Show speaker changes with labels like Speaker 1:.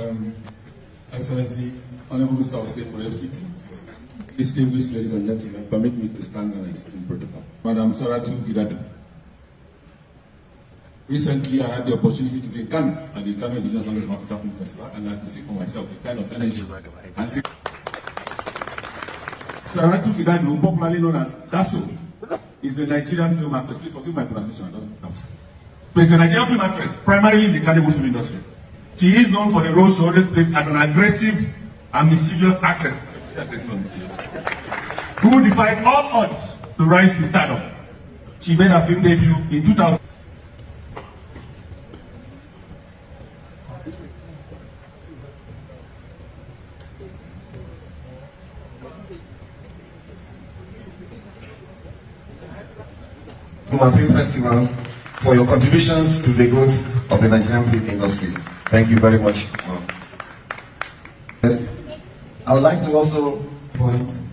Speaker 1: um, Excellency, Honorable Minister of State for FCT, distinguished ladies and gentlemen, permit me to stand and explain protocol. Madam Saratu Gidado. Recently, I had the opportunity to be in Ghana at the Ghana Business Summit of Africa Film Festival, and I could see for myself the kind of energy and Saratu Gidado, popularly known as Dasso, is a Nigerian film actress. Please forgive my pronunciation, I don't know. But it's a Nigerian film actress, primarily in the Kannywood film industry. She is known for the role she always plays as an aggressive and mischievous actress. Aggressive and mischievous. Who defied all odds to rise to stardom. She made her film debut in 2000.
Speaker 2: Film Festival for your contributions to the growth of the Nigerian film industry.
Speaker 3: Thank you very much. I would like to also point